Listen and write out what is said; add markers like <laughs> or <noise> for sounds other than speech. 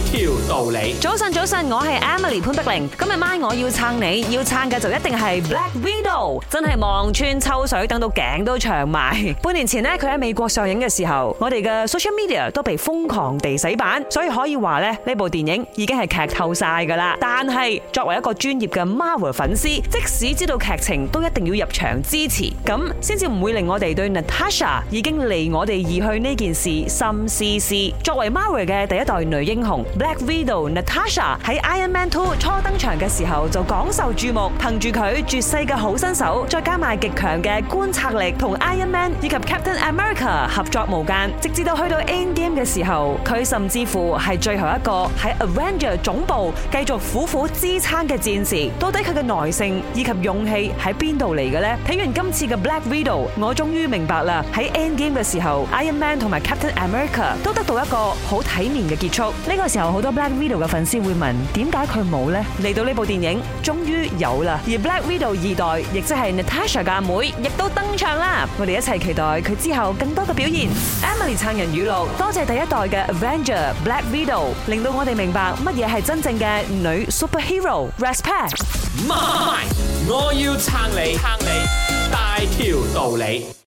條道理，早晨早晨，我係 Emily 潘碧玲，今日晚我要撐你，要撐嘅就一定係 Black Widow，真係望穿秋水，等到頸都長埋。 <laughs> 半年前咧，佢喺美國上映嘅時候，我哋嘅 social media 都被瘋狂地洗版，所以可以話咧呢部電影已經係劇透晒噶啦。但係作為一個專業嘅 Marvel 粉絲，即使知道劇情，都一定要入場支持，咁先至唔會令我哋對 Natasha 已經離我哋而去呢件事心思思。作為 Marvel 嘅第一代女英雄，Black Widow Natasha 喺 Iron Man Two 初登場嘅時候就廣受注目，憑住佢絕世嘅好身手，再加埋極強嘅觀察力，同 Iron Man 以及 Captain America 合作無間，直至到去到 Endgame 嘅時候，佢甚至乎係最後一個喺 Avenger 總部繼續苦苦支撐嘅戰士。到底佢嘅耐性以及勇氣喺邊度嚟嘅呢？睇完今次嘅 Black Widow，我終於明白啦！喺 Endgame 嘅時候，Iron Man 同埋 Captain America 都得到一個好體面嘅結束。呢個時候好多 Black Widow 嘅粉絲會問，點解佢冇呢？嚟到呢部電影，終於有啦！而 Black Widow 二代，亦即係 Natasha 嘅阿妹，亦都登場啦！我哋一齊期待佢之後更多嘅表現。Emily 撐人語錄，多謝第一代嘅 Avenger Black Widow，令到我哋明白乜嘢係真正嘅女 superhero。Respect，媽，我要撐你，撐你，大條道理。